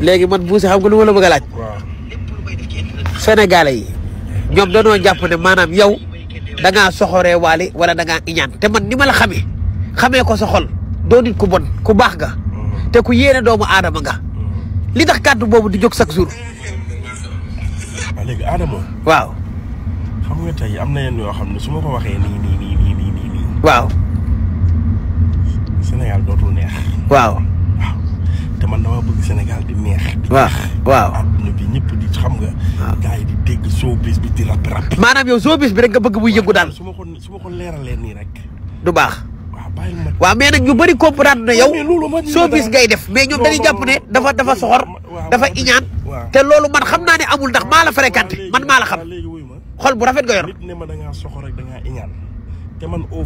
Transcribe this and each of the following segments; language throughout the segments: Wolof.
léegi man Boucher xam nga lu ma la bëgg a laaj. Sénégalais yi ñoom dañoo jàpp ne maanaam yow da soxore soxoree waali wala da ngaa iñaan te man ni ma la xame xamee ko soxol xol doo nit ku bon ku baax nga mm-hmm. te ku yéene doomu aadama nga mm-hmm. li tax kàddu boobu di jog chaque jour. Ah, waaw waaw. am na yenn yoo xam ne su ma ko waxee nii nii nii nii nii nii. Sénégal dootul neex. waaw. Sénégal di neex. waaw waaw xam nga. waaw gars yi di dégg showbiz bi maanaam yow showbiz bi rek nga bëgg buy yëngu daal. su ma ko su ma ko leeralee nii rek. du baax. waaw bàyyi ma waaw mais nag ñu bëri comprendre na yow. showbiz ngay def mais ñoom dañuy jàpp ne dafa dafa soxor. dafa iñaan. te loolu man xam naa ne amul ndax maa la fréquenté man maa la xam. xol bu rafet nga yor. nit ne ma da ngaa soxor rek da ngaa iñaan te man au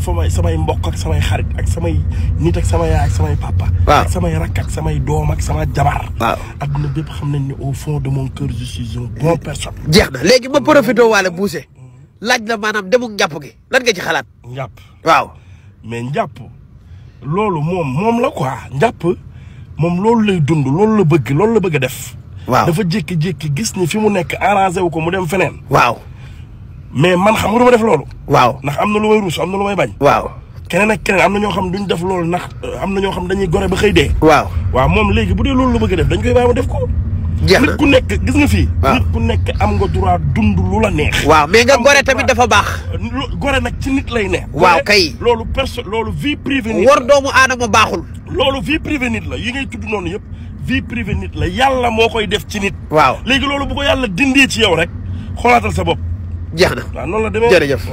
samay samay mbokk ak samay xarit ak samay nit ak sama yaay ak samay papa. samay rakk ak samay doom ak sama jabar. waaw adduna xam nañ ne au fond de mon cœur je suis une bonne personne. jeex na léegi ma profité waale buuse laaj la maanaam demuk njàpp gi lan nga ci xalaat. njàpp waaw. mais njàpp loolu moom moom la quoi njàpp moom loolu lay dund loolu la bëgg loolu la bëgg a def. waaw dafa jékki-jékki gis ni fi mu nekk arrangé wu ko mu dem feneen. waaw. mais man xam nga du ma def loolu. waaw ndax am na lu may ruus am na lu bañ. waaw keneen ak keneen am ñoo xam duñ def loolu ndax euh, am na ñoo xam dañuy gore ba xëy de waaw waaw moom léegi bu dee loolu la bëgg a def dañ koy bàyyi ma def ko. nit ku nekk gis nga fii. nit ku nekk am nga droit dund lu la neex. waaw mais nga gore tamit dafa baax. gore nag ci nit lay ne waaw kay loolu perso loolu vie privée. nit war doomu aadama baaxul. loolu vie privée la yi ngay tudd noonu yëpp vie privée nit la yàlla moo koy def ci nit. waaw léegi loolu bu ko yàlla dindee ci yow rek xoolaatal sa bopp jeex na. waaw noonu la demee jërëjëf.